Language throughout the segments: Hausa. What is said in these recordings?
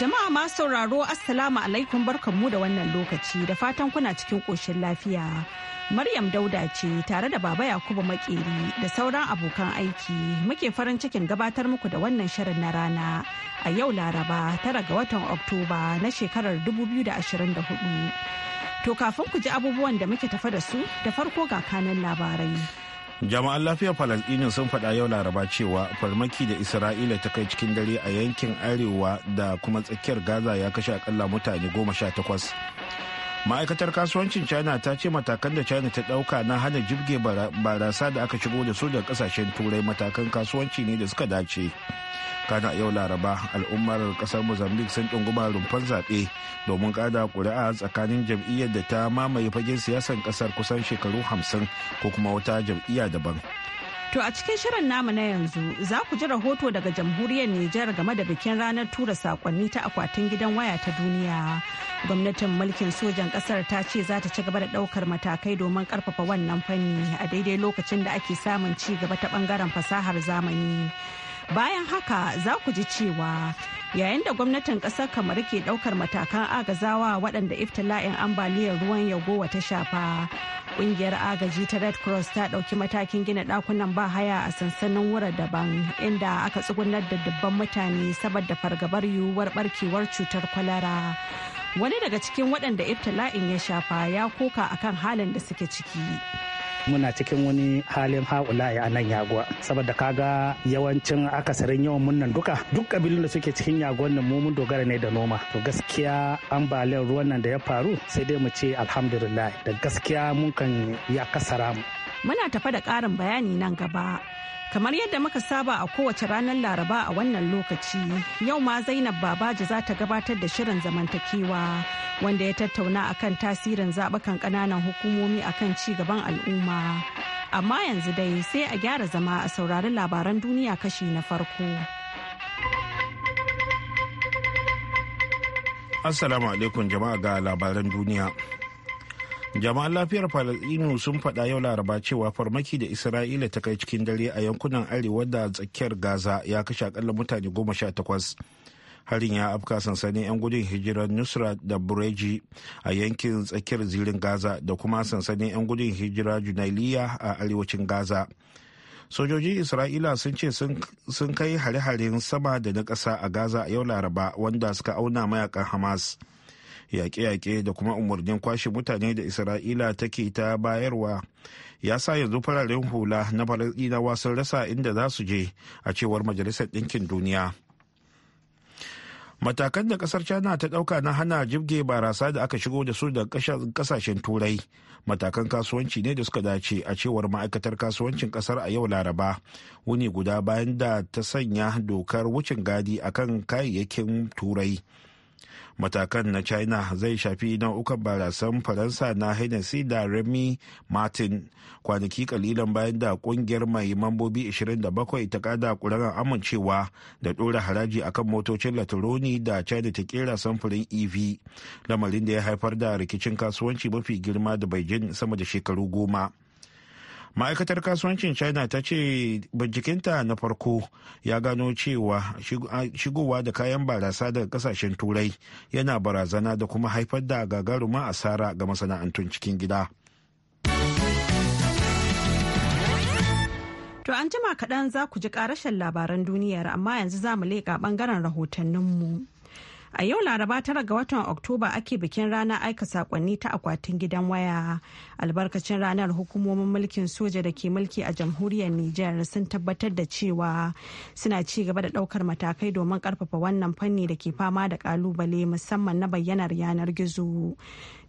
Jama'a ma sauraro Assalamu alaikum barkanmu da wannan lokaci da fatan kuna cikin ƙoshin lafiya. Maryam Dauda ce tare da Baba Yakubu Makeri da sauran abokan aiki muke farin cikin gabatar muku da wannan shirin na rana a yau Laraba tara ga watan Oktoba na shekarar 2024. To kafin ku ji abubuwan da muke tafa da su da farko ga kanan labarai. jama'an lafiyar falasdini sun faɗa yau laraba cewa farmaki da isra'ila ta kai cikin dare a yankin arewa da kuma tsakiyar gaza ya kashe akalla mutane goma sha takwas ma'aikatar kasuwancin china ta ce matakan da china ta ɗauka na hana jibge barasa da aka shigo da su daga kasashen turai matakan kasuwanci ne da suka dace kana yau laraba al'ummar kasar mozambique sun ɗunguma rumfan zaɓe domin kada ƙuri'a tsakanin jam'iyyar da ta mamaye fagen siyasar ƙasar kusan shekaru hamsin ko kuma wata jam'iyya daban To a cikin shirin namu na yanzu za ku ji rahoto daga jamhuriyar Nijar game da bikin ranar tura sakonni ta akwatin gidan waya ta duniya. Gwamnatin mulkin sojan kasar ta ce za ta ci gaba da daukar matakai domin karfafa wannan fanni a daidai lokacin da ake samun ci gaba ta bangaren fasahar zamani. bayan haka za ku ji cewa yayin da gwamnatin kasar kamar ke daukar matakan agazawa waɗanda iftila'in ambaliyar ruwan yagowa ta shafa Ƙungiyar agaji ta red cross ta ɗauki matakin gina ɗakunan bahaya a sansanin wura daban inda aka tsugunar da dubban mutane saboda fargabar yiwuwar barkewar cutar kwalara wani daga cikin waɗanda iftila'in ya shafa ya koka akan halin da suke ciki. muna cikin wani halin haƙula a nan yaguwa saboda kaga yawancin akasarin yawan munnan duka duk kabilun da suke cikin yaguwan nan mu mun dogara ne da noma to gaskiya ambaliyar ruwan nan da ya faru sai dai mu ce alhamdulillah da gaskiya mun kan ya kasara mu muna tafa da ƙarin bayani nan gaba Kamar yadda muka saba a kowace ranar Laraba a wannan lokaci, yau ma Zainab Babaji za ta gabatar da shirin zamantakewa wanda ya tattauna a kan tasirin zaɓukan ƙananan hukumomi akan ci gaban al'umma. Amma yanzu dai sai a gyara zama a saurari labaran duniya kashi na farko. Assalamu alaikum jama'a ga labaran duniya. jama'an lafiyar falasɗinu sun faɗa yau laraba cewa farmaki da isra'ila ta kai cikin dare a yankunan arewa da tsakiyar gaza ya kashe akalla mutane goma sha takwas harin ya afka sansanin 'yan gudun hijirar nusra da bureji a yankin tsakiyar zirin gaza da kuma sansanin 'yan gudun hijira junailiya a arewacin gaza sojojin isra'ila sun ce sun kai hare-haren sama da na ƙasa a gaza a yau laraba wanda suka auna mayakan hamas yaƙe-yaƙe da kuma umarnin kwashe mutane da isra'ila take ta bayarwa ya sa yanzu fararen hula na falasɗinawa sun rasa inda za su je a cewar majalisar ɗinkin duniya matakan da kasar china ta ɗauka na hana jibge barasa da aka shigo da su daga kasashen turai matakan kasuwanci ne da suka dace a cewar ma'aikatar kasuwancin kasar a yau laraba wuni guda bayan da ta sanya dokar wucin gadi akan kayayyakin turai matakan na china zai shafi nau'ukan barasan faransa na hennessy da remy martin kwanaki kalilan bayan da kungiyar mai mambobi 27 ta kada kuran amincewa da dora haraji akan motocin latironi da china ta kera samfurin ev lamarin da ya haifar da rikicin kasuwanci mafi girma da beijing sama da shekaru goma ma'aikatar kasuwancin china ta ce bincikinta na farko ya gano cewa shigowa da kayan barasa daga kasashen turai yana barazana da kuma haifar da gagaruma asara ga masana'antun cikin gida to an jima kaɗan za ku ji ƙarashin labaran duniyar amma yanzu za mu leƙa ɓangaren rahotanninmu. mu A yau Laraba tara ga watan Oktoba ake bikin ranar aika sakonni ta akwatin gidan waya. Albarkacin ranar hukumomin mulkin soja da ke mulki a jamhuriyar Nijar sun tabbatar da cewa suna ci gaba da daukar matakai domin karfafa wannan fanni da ke fama da kalubale musamman na bayyanar yanar gizo.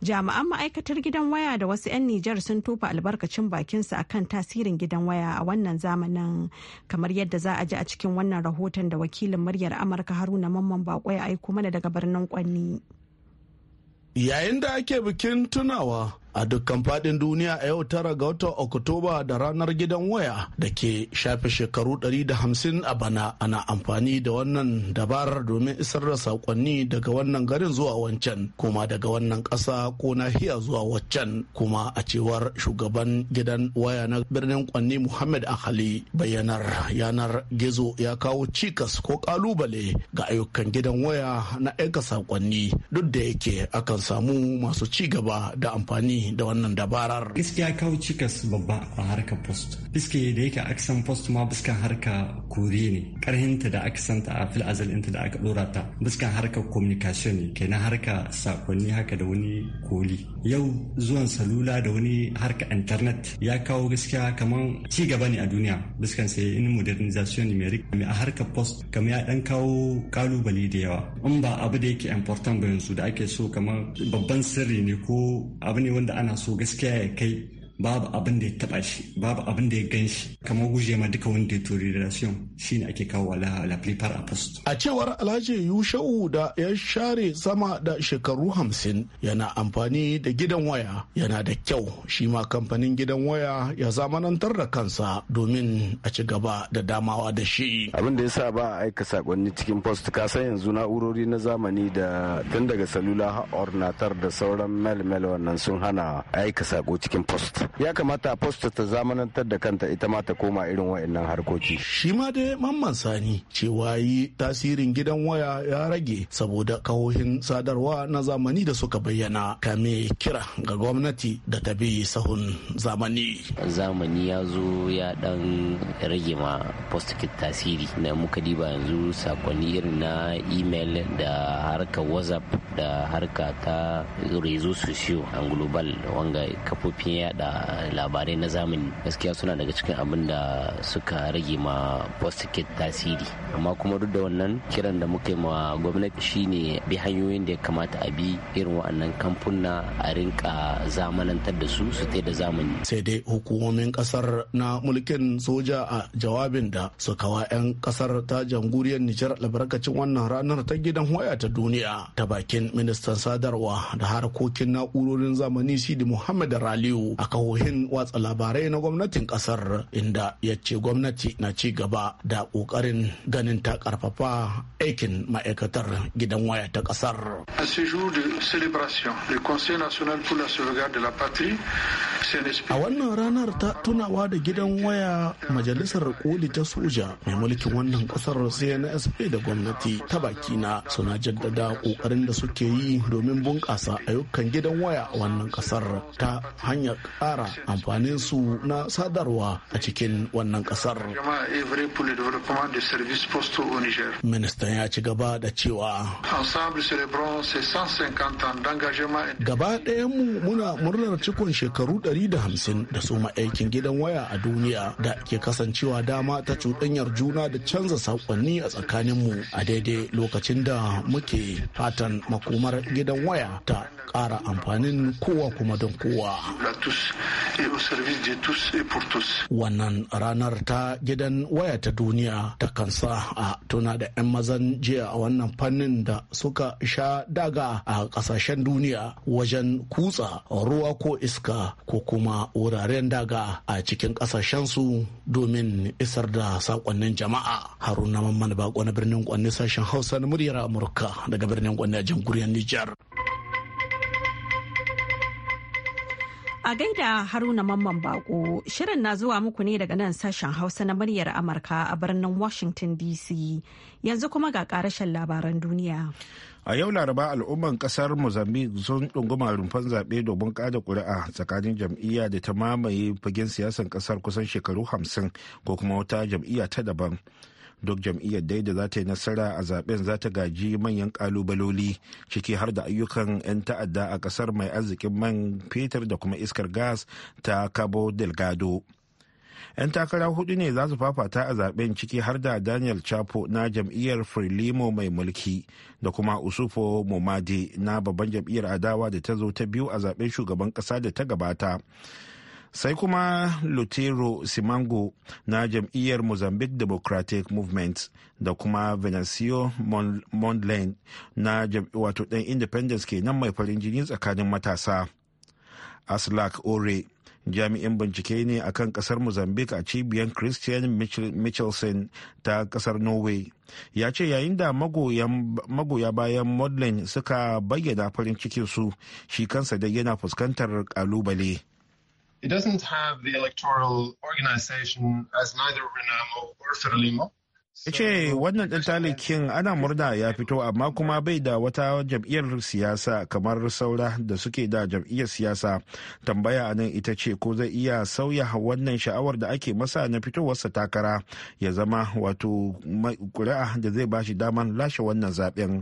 Jami'an ma'aikatar gidan waya da wasu 'yan Nijar sun tofa albarkacin bakinsu akan tasirin gidan waya a wannan zamanin kamar yadda za a ji a cikin wannan rahoton da wakilin muryar Amurka Haruna Mamman Bakwai aiko mana daga birnin Kwanni. Yayin da ake bikin tunawa a dukkan fadin duniya a yau tara ga watan oktoba da ranar gidan waya da ke shafe shekaru 150 a bana ana amfani da wannan dabarar domin isar da sakonni daga wannan garin zuwa wancan kuma daga wannan ƙasa ko nahiya zuwa wancan. kuma a cewar shugaban gidan waya na birnin kwanni muhammad ahali Bayyanar yanar gizo ya kawo cikas ko kalubale ga ayyukan gidan waya na aika sakonni duk da yake akan samu masu ci gaba da amfani da wannan dabarar. Gaskiya kawo cikas babba a harkar post. Biske da yake aksan post ma biskan harka kore ne. Karhinta da ta a fil azal da aka dora ta. Biskan harkar communication ne kenan harka sakonni haka da wani koli. Yau zuwan salula da wani harka internet ya kawo gaskiya kamar ci gaba ne a duniya. Biskan sai in modernization mai a harkar post kamar ya dan kawo kalubale da yawa. In ba abu da yake important ba yanzu da ake so kamar babban sirri ne ko abu ne wanda da ana so gaskiya ya kai babu abin da ya taba shi babu abin da ya gan shi kamar guje ma duka wani deterioration shine ake kawo wala la plupart a a cewar Alhaji Yushau da ya share sama da shekaru hamsin yana amfani da gidan waya yana da kyau shi ma kamfanin gidan waya ya zamanantar da kansa domin a ci gaba da damawa da shi abin da yasa ba a aika sakonni cikin post ka san yanzu na'urori na zamani da tun daga salula ornatar da sauran mel mel wannan sun hana aika sako cikin post ya kamata posta ta zamanantar da kanta ita ma ta koma irin wa'annan harkoki shi ma dai mamman sani cewa yi tasirin gidan waya ya rage saboda kahohin sadarwa na zamani da suka bayyana kame kira ga gwamnati da ta bi sahun zamani zamani ya zo ya dan rage ma posta tasiri na muka diba yanzu sakonni irin na email da harkar whatsapp da harka ta rezo sosiyo an global wanga kafofin yada labarai na zamani gaskiya suna daga cikin abin da suka rage ma post tasiri amma kuma duk da wannan kiran da muka ma gwamnati shine bi hanyoyin da ya kamata a bi irin waɗannan kamfuna a rinka zamanantar da su su da zamani sai dai hukumomin kasar na mulkin soja a jawabin da suka wa 'yan kasar ta jamhuriyar nijar albarkacin wannan ranar ta gidan waya ta duniya ta bakin ministan sadarwa da harkokin na'urorin zamani sidi muhammad raliyu akan jihohin watsa labarai na gwamnatin kasar inda ya ce gwamnati na ci gaba da kokarin ganin ta karfafa aikin ma'aikatar gidan waya ta kasar. A wannan ranar ta tunawa da gidan waya majalisar koli ta soja mai mulkin wannan kasar CNSP da gwamnati ta baki na suna jaddada kokarin da suke yi domin bunƙasa ayyukan gidan waya a wannan kasar ta hanyar kara amfanin su na sadarwa a cikin wannan kasar. Ministan ya ci gaba da cewa. Gaba mu muna murnar cikon shekaru 150 da suma aikin gidan waya a duniya da ke kasancewa dama ta cuɗanyar juna da canza saƙonni a tsakaninmu a daidai lokacin da muke fatan makomar gidan waya ta ƙara amfanin kowa kuma don kowa. au service de tous et pour tous. Wannan ranar ta gidan waya ta duniya ta kansa a tuna da 'yan mazan jiya a wannan fannin da suka sha daga a kasashen duniya wajen kutsa ruwa ko iska ko kuma wuraren daga a cikin kasashensu domin isar da sakonnin jama'a. Haruna Mamman Bako na birnin Kwanne sashen Hausa na muryar Amurka daga birnin Kwanne a jamhuriyar Nijar. A gaida Haruna Mamman Bako, shirin na zuwa muku ne daga nan sashen Hausa na muryar Amurka a birnin Washington DC. Yanzu kuma ga karashen labaran duniya. A yau Laraba al'umman kasar Mozambique sun ɗunguma rumfan zaɓe domin ƙada ƙuri'a tsakanin jam'iyya da ta mamaye fagen siyasan ƙasar kusan shekaru hamsin ko kuma wata jam'iyya ta daban. duk jam'iyyar dai da za ta yi nasara a zaben za ta gaji manyan kalubaloli ciki har da ayyukan 'yan ta'adda a kasar mai arzikin man fetur da kuma iskar gas ta cabo delgado 'yan takara hudu ne za su fafata a zaben ciki har da daniel chapo na jam'iyyar frelimo mai mulki da kuma usufo momade na babban jam'iyyar adawa da ta zo ta biyu a zaben shugaban kasa da ta gabata sai kuma lutero simango na jam'iyyar mozambique democratic movement da kuma venancio mondlane na wato ɗan independence ke nan mai farin jini tsakanin matasa aslak ore jami'in bincike ne a kan kasar mozambique a cibiyar christian michelson ta kasar norway ya ce yayin da magoya bayan modlin suka bayyana farin cikinsu shi kansa dai yana fuskantar kalubale It doesn't have the electoral organization as neither Renamo or Frelimo. ya ce wannan ɗan talikin ana murna ya fito amma kuma bai da wata jam'iyyar siyasa kamar saura da suke da jam'iyyar siyasa tambaya nan ita ce ko zai iya sauya wannan sha'awar da ake masa na fitowarsa takara ya zama wato kuri'a da zai ba shi damar lashe wannan zaɓen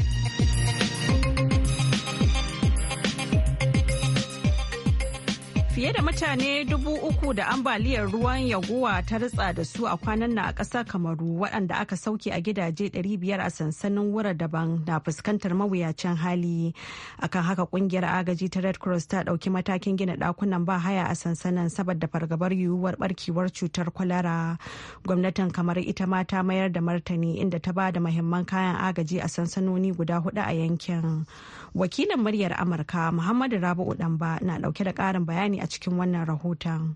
fiye da mutane dubu uku da ambaliyar ruwan yaguwa ta ritsa da su a kwanan nan a ƙasar kamaru waɗanda aka sauke a gidaje 500 a sansanin wura daban na fuskantar mawuyacin hali akan haka ƙungiyar agaji ta red cross ta ɗauki matakin gina ɗakunan ba haya a sansanin saboda fargabar yiwuwar barkewar cutar kwalara gwamnatin kamar ita ma ta mayar da martani inda ta ba da mahimman kayan agaji a sansanoni guda hudu a yankin wakilin muryar amurka muhammadu rabu'u ɗanba na ɗauke da ƙarin bayani a cikin wannan rahoton.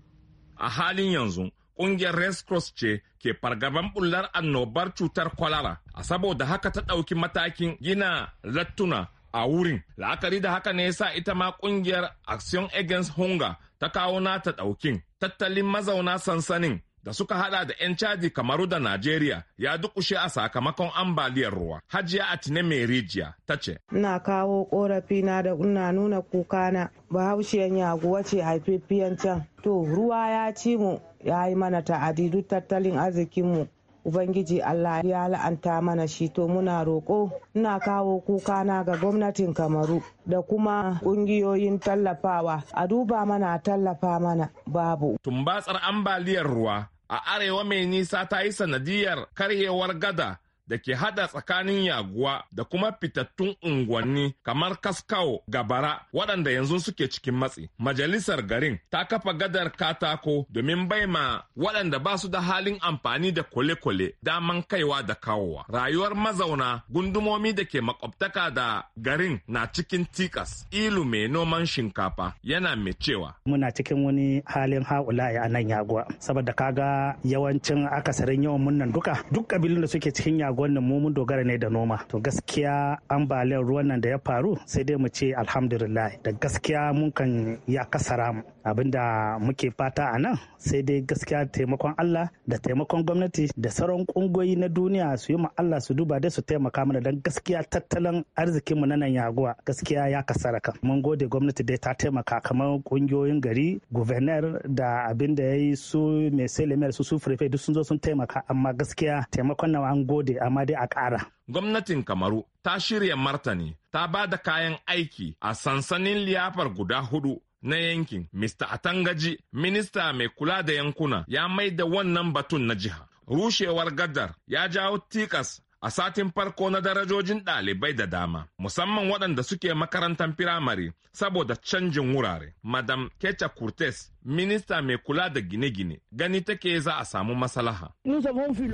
A halin yanzu, ƙungiyar Red Cross ce ke fargaban bullar annobar cutar kwalara, a saboda haka ta ɗauki matakin gina lattuna a wurin. La'akari da haka ne ya sa ita ma ƙungiyar Action Against Hunger ta kawo nata ɗaukin. Tattalin mazauna sansanin da suka hada da 'yan caji kamaru da Najeriya ya dukushe a sakamakon ambaliyar ruwa. Hajiya Atine mai rijiya ta ce. Ina kawo korafi na da ina nuna kukana bahaushiyan yaguwa ce haifaffiyan can. To ruwa ya ci mu ya yi mana ta'adi duk tattalin arzikinmu. Ubangiji Allah ya la'anta mana shi to muna roƙo ina kawo kuka na ga gwamnatin Kamaru da kuma ƙungiyoyin tallafawa a duba mana tallafa mana babu. Tumbatsar ambaliyar ruwa a arewa mai nisa ta yi sanadiyar karyewar gada da ke hada tsakanin yaguwa da kuma fitattun unguwanni kamar kaskawo gabara waɗanda yanzu suke cikin matsi majalisar garin ta kafa gadar katako domin bai ma waɗanda ba su da halin amfani da kwale-kwale daman kaiwa da kawowa rayuwar mazauna gundumomi da ke makwabtaka da garin na cikin tikas ilu mai noman shinkafa yana mai cewa muna cikin wani halin haƙula a nan yaguwa saboda kaga yawancin akasarin yawan munnan duka duk ƙabilun da suke cikin yaguwa gwannan mu mun dogara ne da noma to gaskiya ambaliyar ruwan nan da ya faru sai dai mu ce alhamdulillah da gaskiya mun kan ya kasara mu abin da muke fata a nan sai dai gaskiya taimakon allah da taimakon gwamnati da sauran ƙungiyoyi na duniya su yi ma allah su duba da su taimaka mana don gaskiya tattalin arzikinmu na nan yaguwa gaskiya ya kasara kan mun gode gwamnati dai ta taimaka kamar kungiyoyin gari guvernar da abin da ya yi su mai sai su su duk sun zo sun taimaka amma gaskiya taimakon nawa an gode amma dai a ƙara gwamnatin Kamaru ta shirya martani ta ba da kayan aiki a sansanin liyafar guda hudu na yankin Mr. Atangaji, minista mai kula da yankuna, ya mai da wannan batun na jiha. Rushewar gadar ya jawo tikas a satin farko na darajojin ɗalibai da dama, musamman waɗanda suke makarantar firamare saboda canjin wurare. Madam Kecha Kurtes. minista mai kula da gine-gine gani take za a samu masalaha.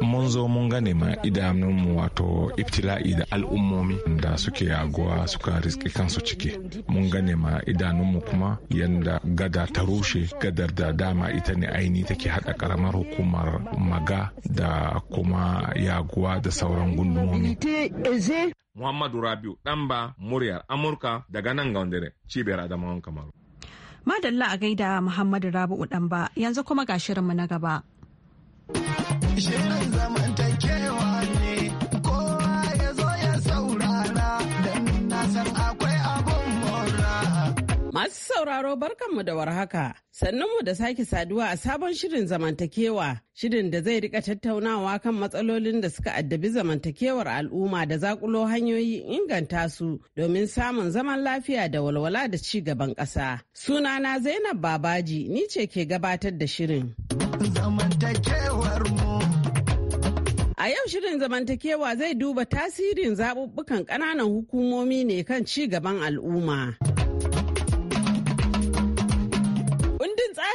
Mun zo mun gane ma idanunmu wato ibtila'i da al'ummomi da suke yaguwa suka riski kansu ciki. Mun gane ma idanunmu kuma yanda gada ta rushe gadar da dama ita ne aini take haɗa ƙaramar hukumar maga da kuma yaguwa da sauran gundumomi. Muhammadu Rabiu ɗan ba muryar Amurka daga nan ga cibiyar Adamawan Kamaru. Madalla a gaida Muhammadu Rabi'u ɗan ba yanzu kuma ga shirinmu na gaba. Masu sauraro barkanmu da warhaka, sannanmu da sake saduwa a sabon shirin zamantakewa, shirin da zai rika tattaunawa kan matsalolin da suka addabi zamantakewar al'umma da zakulo hanyoyi inganta su domin samun zaman lafiya da walwala da ci gaban ƙasa. Sunana Zainab Babaji, ni ce ke gabatar da shirin. A yau shirin zamantakewa zai duba tasirin zaɓuɓɓukan ƙananan hukumomi ne kan ci gaban al'umma.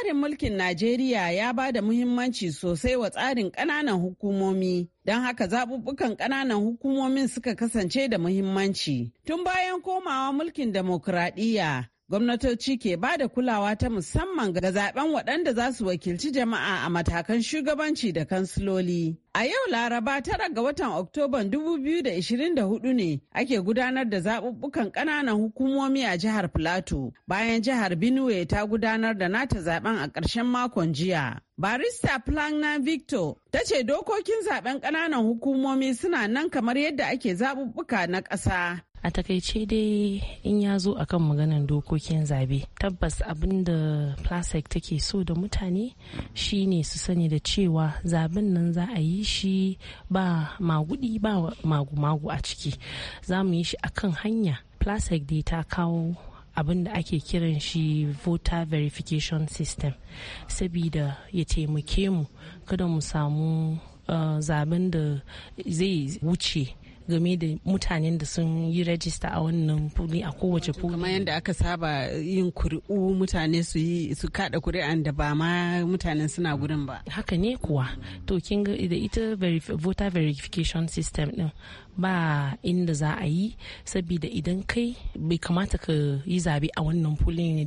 Tsarin mulkin Najeriya ya ba da muhimmanci sosai wa tsarin ƙananan hukumomi, don haka zaɓuɓɓukan ƙananan hukumomin suka kasance da muhimmanci. Tun bayan komawa mulkin demokuraɗiyya, gwamnatoci ke ba da kulawa ta musamman ga zaben waɗanda za su wakilci jama'a a matakan shugabanci da kansiloli. A yau Laraba tara ga watan Oktoban 2024 ne ake gudanar da zaɓuɓɓukan ƙananan hukumomi a jihar Filato bayan jihar Benue ta gudanar da nata zaben a ƙarshen makon jiya. Barista Plagna Victor ta ce dokokin zaben ƙananan hukumomi suna nan kamar yadda ake zaɓuɓɓuka na ƙasa a takaice dai in ya zo a kan maganan dokokin zabe tabbas abin da plastic take so da mutane shine su sani da cewa zaben nan za a yi shi ba magudi ba magu-magu a ciki za mu yi shi a kan hanya plastic dai ta kawo abin da ake kiran shi voter verification system sabida ya taimake mu kada mu samu uh, zaben da zai wuce game da mutanen da sun yi rajista a wannan fuli a kowace fuli kamar yadda aka saba yin kuri'u mutane su yi su kada kuri'an da ba ma mutanen suna gurin ba haka ne kuwa to kin da ita voter verification system din ba inda za a yi saboda idan kai bai kamata ka yi zabe a wannan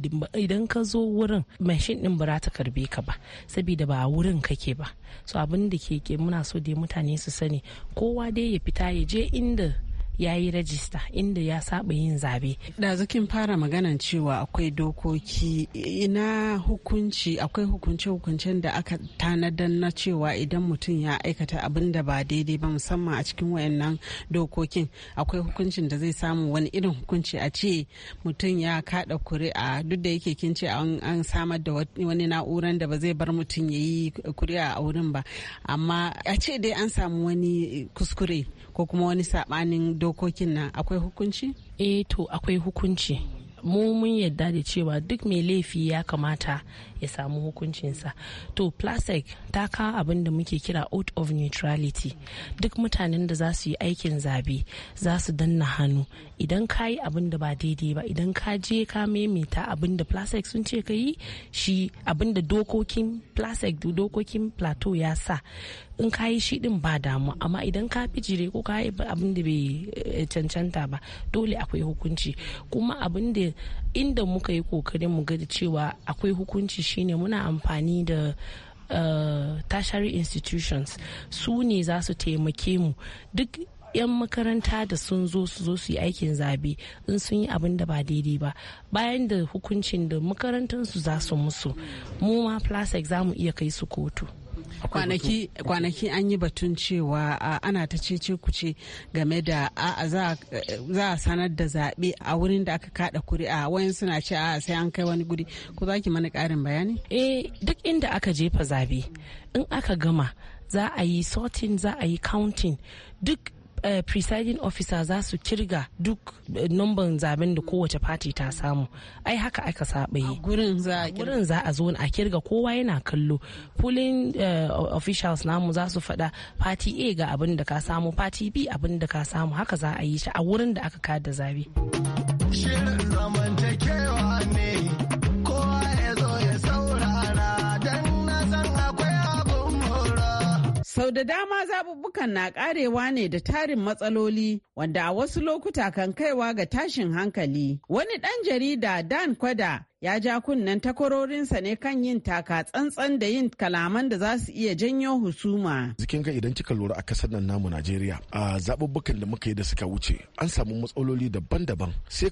dimba idan ka zo wurin mashin din ba ta karbe ka ba saboda ba wurin kake ba so abin da ke muna so da mutane su sani kowa dai ya fita ya je inda ya yi rajista inda ya saba yin zabe. zakin fara maganan cewa akwai dokoki ina hukunci akwai hukunce-hukuncen da aka tanadar na cewa idan mutum ya aikata abin da ba daidai ba musamman a cikin wayannan dokokin akwai hukuncin da zai samu wani irin hukunci a ce mutum ya kada kuri'a duk da yake kin ce an samar da wani na'uran da ba zai bar mutum ya yi kuri'a a wurin ba amma a ce dai an samu wani kuskure ko kuma wani sabanin dokokin nan akwai hukunci? eh to akwai hukunci mu mun yadda da cewa duk mai laifi ya kamata ya samu hukuncinsa to plastic ta kawo abin da muke kira out of neutrality duk mutanen da za su yi aikin zabe za su danna hannu idan ka yi abin da ba daidai ba idan ka je ka maimaita abin da plastic sun ce ka yi shi abin da dokokin plastic dokokin plateau ya sa in ka yi shi din ba damu amma idan ka bijire ko ka yi abin da bai eh, cancanta ba dole akwai hukunci kuma abin da inda muka yi kokarin mu ga cewa akwai hukunci shine muna amfani da Uh, institutions su ne za su taimake mu duk 'yan makaranta da sun zo su zo su yi aikin zabe in sun yi abin da ba daidai ba bayan da hukuncin da makarantarsu za su musu mu ma plastic za mu iya kai su kotu kwanaki an yi batun cewa ana ta cece kuce game da za a sanar da zaɓe a wurin da aka kada kuri'a wayan suna ce a sai an kai wani guri ko za ki mana ƙarin bayani eh duk inda aka jefa zaɓe in aka gama za a yi sorting za a yi counting duk Eh, presiding officer za su kirga duk eh, numban zaben da kowace fati ta samu ai haka aka saba yi gurin za a zo a kirga kowa yana kallo polling eh, officials namu za su faɗa fati a ga abin da ka samu fati b abin da ka samu haka za a yi shi a wurin da aka kada zabe. Sau da dama zaɓuɓɓukan na ƙarewa ne da tarin matsaloli wanda a wasu lokuta kan kaiwa ga tashin hankali. Wani ɗan jarida Dan Kwada ya ja kunnen takwarorinsa ne kan yin taka tsantsan da yin kalaman da za su iya janyo husuma. Zikin ga idan kika lura a kasar nan namu Najeriya a zaɓuɓɓukan da muka yi da suka wuce an samu matsaloli daban-daban sai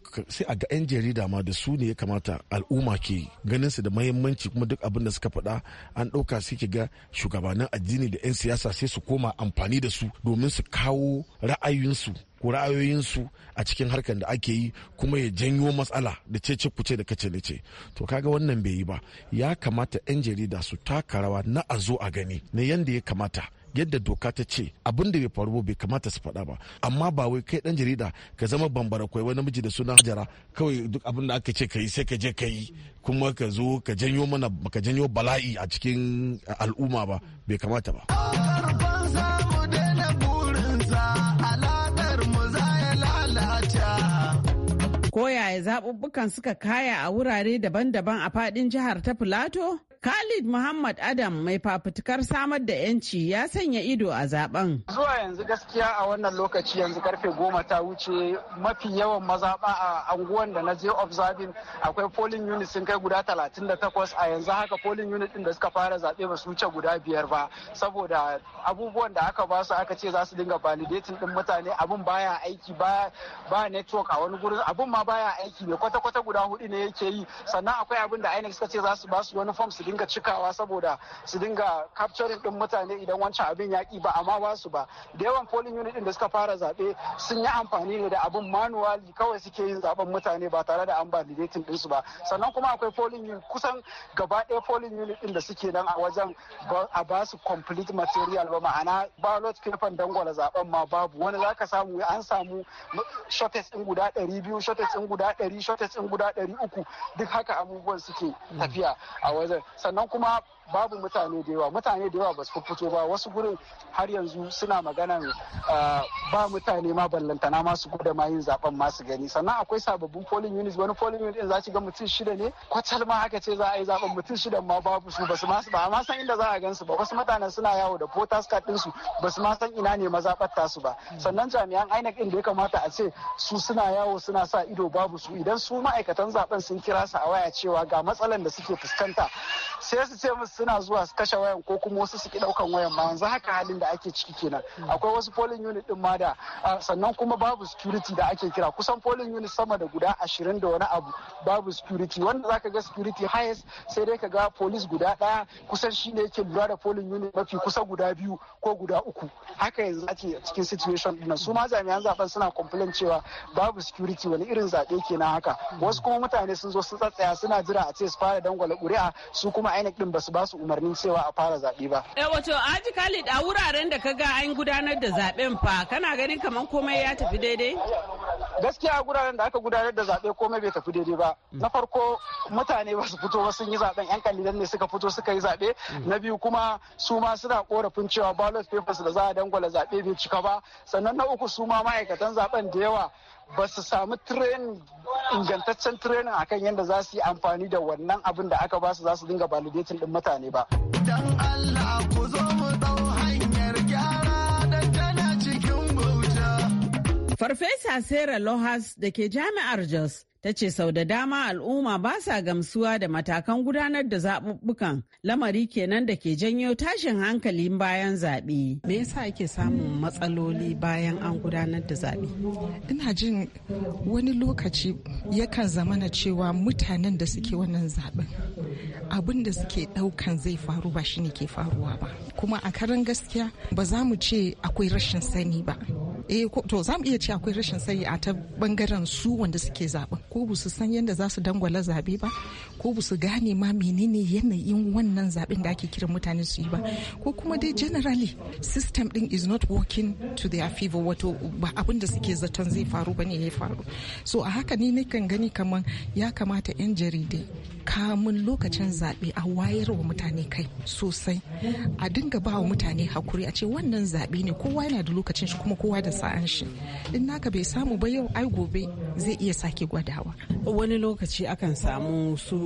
a ga 'yan jarida ma da su ne ya kamata al'umma ke ganin su da mahimmanci kuma duk abin da suka faɗa an ɗauka su ki ga shugabannin addini da 'yan siyasa sai su koma amfani da su domin su kawo ra'ayinsu ko ra'ayoyinsu a cikin harkar da ake yi kuma ya janyo matsala da ce cece kuce da kace da ce to kaga wannan bai yi ba ya kamata 'yan jarida su taka rawa na a zo a gani na yanda ya kamata yadda doka ta ce abin da bai faru bai kamata su faɗa ba amma ba wai kai dan jarida ka zama bambara kwai wani miji da sunan hajara kawai duk abin da aka ce ka yi sai ka je ka yi kuma ka zo ka janyo mana ka janyo bala'i a cikin al'umma ba bai kamata ba yaya zaɓuɓɓukan suka kaya a wurare daban-daban a faɗin jihar ta Filato? Khalid Muhammad Adam mai fafutukar samar da 'yanci ya sanya ido a zaben. Zuwa yanzu gaskiya a wannan lokaci yanzu karfe goma ta wuce mafi yawan mazaɓa a anguwan da na je observing akwai polling unit sun kai guda 38 a yanzu haka polling unit din da suka fara zaɓe ba su wuce guda biyar ba saboda abubuwan da aka ba su aka ce za su dinga validating din mutane abun baya aiki ba ba network a wani gurin abun ma baya aiki ne kwata-kwata guda hudu ne yake yi sannan akwai abin da INEC suka ce za su ba su wani form su dinga cikawa saboda su dinga capturing din mutane idan wancan abin ya ba amma ba su ba da yawan polling unit din da suka fara zabe sun yi amfani ne da abin manuwali kawai suke yin zaben mutane ba tare da an dating din su ba sannan kuma akwai polling unit kusan gaba ɗaya polling unit din da suke nan a wajen a ba su complete material ba ma'ana ballot paper dangwala zaben ma babu wani zaka samu an samu shortage din guda 200 shortage din guda 100 shortage din guda 300 duk haka abubuwan suke tafiya a wajen não com uma babu mutane da yawa mutane da yawa ba su fito ba wasu gurin har yanzu suna magana ah, ba mutane ma ballantana masu gudu guda ma yin zaben masu gani sannan akwai sababbin polling unit wani polling unit za ki ga mutum shida ne kwatal ma haka ce za a yi zaben mutum shida ma babu su basu ma ba ma san inda za a gan su ba wasu mutanen suna yawo da voters card din su basu ma san ina ne mazaɓar su ba hmm. sannan jami'an INEC din da ya kamata a ce su suna yawo suna sa ido babu su idan su ma'aikatan zaben sun kira su a waya cewa ga matsalan da suke fuskanta sai su ce musu suna zuwa su kashe wayan ko kuma wasu suke ki daukan wayan ma yanzu haka halin da ake ciki kenan hmm. akwai wasu polling unit din ma da ah, sannan kuma babu security da ake kira kusan polling unit sama da guda ashirin da wani abu babu security wanda zaka ga security highest sai dai ka ga police guda daya kusan shine yake lura da polling unit mafi kusa guda biyu ko guda uku haka yanzu ake cikin situation din su ma jami'an zaben suna complain cewa babu security wani irin zabe kenan haka hmm. wasu kuma mutane sun zo sun tsatsaya suna jira a ce su fara dangwala kuri'a su kuma INEC din basu ba su umarnin cewa a fara zaɓe ba. Eh wato Haji Khalid a wuraren da ka ga an gudanar da zaɓen fa kana ganin kamar komai ya tafi daidai? Gaskiya a wuraren da aka gudanar da zaɓe komai bai tafi daidai ba. Mm. Na farko mutane ba su fito ba sun yi zaɓen yan kalilan ne suka fito suka yi zaɓe. Mm. Na biyu kuma su ma suna korafin cewa ballot papers da za a dangwala zaɓe bai cika ba. Sannan na uku su ma ma'aikatan zaɓen da yawa ba su samu training ingantaccen training akan yadda za su yi amfani da wannan abin da aka ba su za su dinga validatin din mutane ba. Dan Allah ku zo mu dau hanyar gyara da tana cikin bauta. Farfesa Sarah Lohas da ke jami'ar Jos ta ce sau da dama al'umma ba sa gamsuwa da matakan gudanar da zaɓuɓɓukan lamari kenan da ke janyo tashin hankali bayan zaɓe. me yasa ake samun matsaloli bayan an gudanar da zaɓe ina jin wani lokaci yakan zama na cewa mutanen da suke wannan zaɓen abin da suke ɗaukan zai faru ba shine ke faruwa ba kuma a karan gaskiya ba za mu ce akwai rashin sani ba E, to za mu iya ce akwai rashin sani a ta bangaren su wanda suke zaɓen ko ba su san yadda za su dangwala zaɓe ba ko ba su gane ma menene yanayin wannan zaben da ake kiran mutane su yi ba ko kuma dai generally system din is not working to their favor wato ba abin da suke zaton zai faru ba ne ya faru so a haka ne nakan gani kaman ya kamata yan jaridai kamun lokacin zaɓe a wayar wa mutane kai sosai a dinga ba wa mutane hakuri a ce wannan zaɓe ne kowa yana da lokacin shi kuma kowa da sa'an shi in naka bai samu ba yau ai gobe zai iya sake gwadawa wani lokaci akan samu su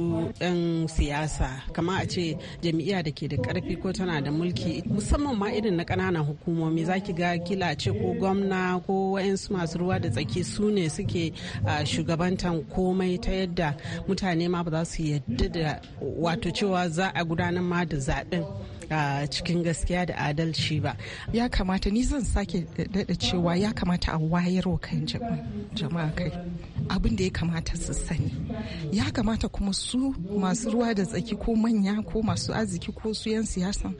'yan siyasa kama a ce jami'a da ke da karfi ko tana da mulki musamman ma irin na kananan hukumomi zaki ga kila ce ko gwamna ko wa'yansu masu ruwa da tsaki su ne suke ah, shugabantan komai ta yadda mutane ma ba za su yi yadda da wato cewa za a gudanar ma da zaɓen a cikin gaskiya da adalci ba ya kamata ni zan sake dada cewa ya kamata a wayar wa kan jama'a kai abin da ya kamata su sani ya kamata kuma su masu ruwa da tsaki ko manya ko masu arziki ko su 'yan siyasa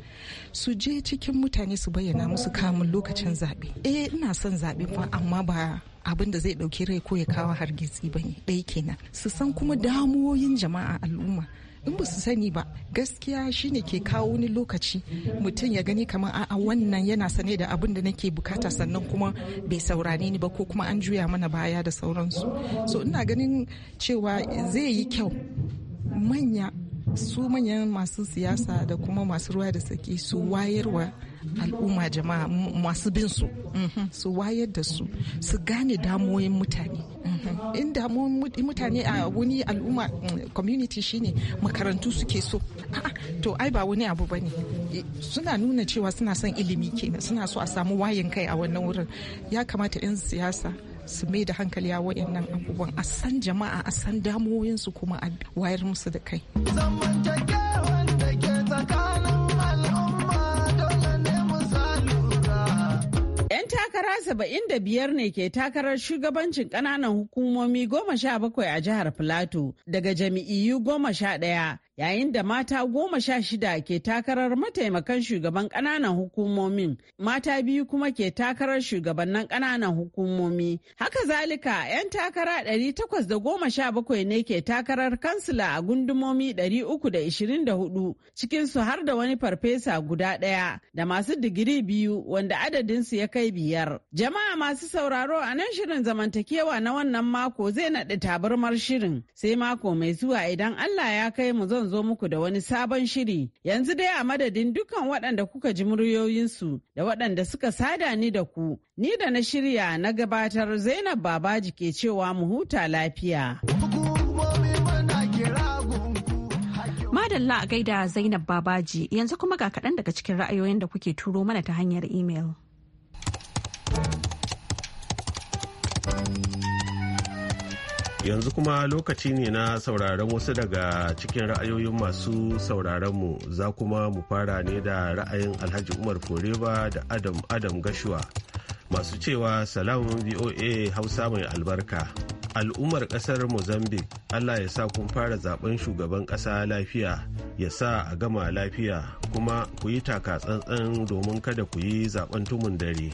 su je cikin mutane su bayyana musu kamun lokacin zaɓe eh ina son zaɓe fa amma ba abin da zai ɗauki rai ko ya kawo hargitsi ba ne ɗaya kenan su san kuma damuwoyin jama'a al'umma in ba su sani ba gaskiya shine ke kawo wani lokaci mutum ya gani kamar a'a wannan yana sane da abin da nake bukata sannan kuma bai saurane ni ba ko kuma an juya mana baya da sauransu so ina ganin cewa zai yi kyau manya su manyan masu siyasa da kuma masu ruwa da saki su wayarwa al'umma jama'a masu bin su mhm. su wayar da su su gane damoyin mutane mhm. in damuwan mutane a wani al'umma mm, community shine makarantu suke so to ai ba wani abu bane suna nuna cewa suna son ilimi kenan suna so a samu wayan kai a wannan wurin ya kamata 'yan siyasa su mai da hankali a wayannan abubuwan a san jama'a a san damuwoyinsu kuma a wayar musu da kai Yara saba'in da biyar ne ke takarar shugabancin ƙananan hukumomi goma sha bakwai a jihar Filato daga jami'iyu goma sha ɗaya yayin da mata goma sha shida ke takarar mataimakan shugaban ƙananan hukumomin mata biyu kuma ke takarar shugabannin ƙananan hukumomi haka zalika 'yan takara da goma sha bakwai ne ke takarar kansila a gundumomi uku da da ishirin 324 cikinsu har da wani farfesa guda ɗaya da masu digiri biyu wanda adadinsu ya kai biyar jama'a masu sauraro a nan shirin zamantakewa na wannan mako zai naɗi tabarmar shirin sai mako mai zuwa idan allah ya kai mu zan zan zo muku da wani sabon shiri. Yanzu dai a madadin dukkan waɗanda kuka ji muryoyinsu da waɗanda suka sada ni da ku, ni da na shirya na gabatar Zainab Babaji ke cewa mu huta lafiya. Madalla a gaida Zainab Babaji yanzu kuma ga kaɗan daga cikin ra'ayoyin da kuke turo mana ta hanyar imel. yanzu kuma lokaci ne na sauraron wasu daga cikin ra'ayoyin masu sauraronmu za kuma mu fara ne da ra'ayin alhaji umar koreba da adam adam gashuwa masu cewa salamun voa hausa mai albarka al'ummar kasar mozambique allah ya sa kun fara zaben shugaban kasa lafiya ya sa a gama lafiya kuma ku yi taka tsantsan domin kada ku yi zaben tumun dare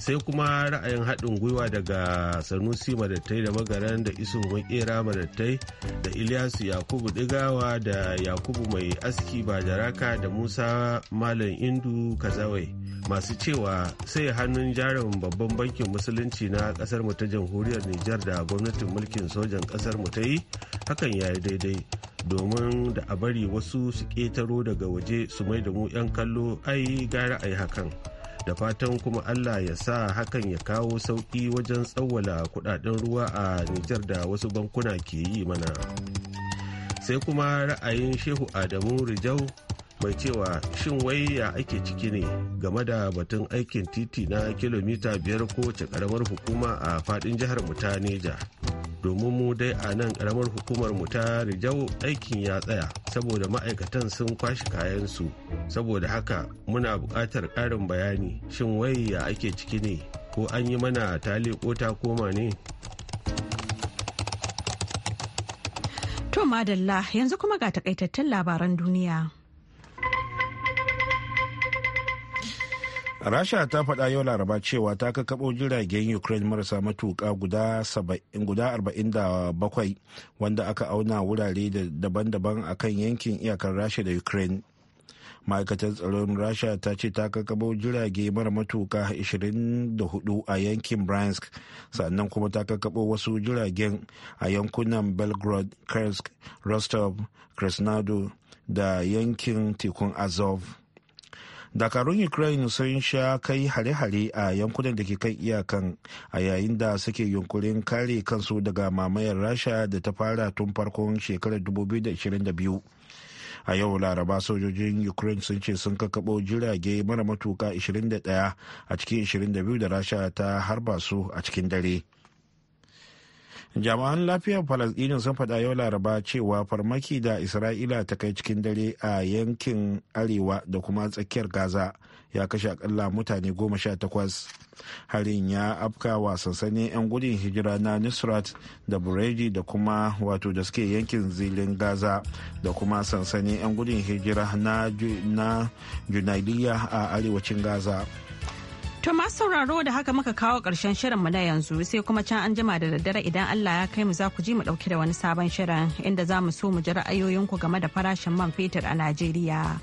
sai kuma ra'ayin haɗin gwiwa daga sanusi madattai da magaran da iso maƙera madattai da ilyasu yakubu digawa da yakubu mai aski bajaraka da musa malam indu kazawai masu cewa sai hannun jarin babban bankin musulunci na kasar ta jamhuriyar nijar da gwamnatin mulkin sojan kasar mu ta yi hakan ya yi daidai domin da a bari wasu su ƙetaro daga waje su mai da mu 'yan kallo ai gara ai hakan da fatan kuma allah ya sa hakan ya kawo sauƙi wajen tsawwala kudaden ruwa a nijar da wasu bankuna ke yi mana sai kuma ra'ayin shehu adamu rijau mai cewa shin wai ya ake ciki ne game da batun aikin titi na kilomita biyar kowace karamar hukuma a fadin jihar mutaneja. domin mu dai a nan karamar hukumar mu ta rijau aikin ya tsaya saboda ma'aikatan sun kwashe kayansu saboda haka muna buƙatar ƙarin bayani shin wai ya ake ciki ne ko an yi mana tali ko ta koma ne to madalla yanzu kuma ga takaitattun labaran duniya rasha ta faɗa yau laraba cewa ta kakaɓo jiragen ukraine marasa matuƙa guda 47 wanda aka auna wurare daban-daban a kan yankin iyakar rasha da ukraine ma'aikatar tsaron rasha ta ce ta kakabo jirage mara matuka 24 a yankin bransk sannan kuma ta kakaɓo wasu jiragen a yankunan belgrade kursk rostov krasnodar da yankin tekun azov dakarun ukraine sun sha kai hare-hare a yankunan da ke kan iyakan a yayin da suke yunkurin kare kansu daga mamayar rasha da ta fara tun farkon shekarar 2022 a yau laraba sojojin ukraine sun ce sun kakabo jirage mara matuka 21 a cikin 22 da rasha ta harba su a cikin dare jami'an lafiyar falasdini sun faɗa yau laraba cewa farmaki da isra'ila ta kai cikin dare a yankin arewa da kuma tsakiyar gaza ya kashe akalla mutane goma sha takwas harin ya afka wa sansanin 'yan gudun hijira na nusrat da bureji da kuma wato da suke yankin zilin gaza da kuma sansanin 'yan gudun hijira na junaidiyya a arewacin gaza sauraro da haka muka kawo ƙarshen mu na yanzu sai kuma can an jima da daddare idan Allah ya kai mu za ku ji mu ɗauki da wani sabon shirin inda za mu so mu ji ra'ayoyinku game da farashin man fetur a Najeriya.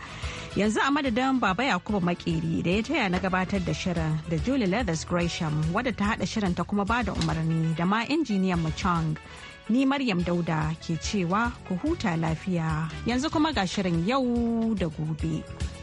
Yanzu a madadin Baba Yakubu Makeri da ya taya na gabatar da shirin da Julie Leathers Gresham wadda ta haɗa shirin ta kuma ba da umarni da ma injiniyan mu Chang. Ni Maryam Dauda ke cewa ku huta lafiya yanzu kuma ga shirin yau da gobe.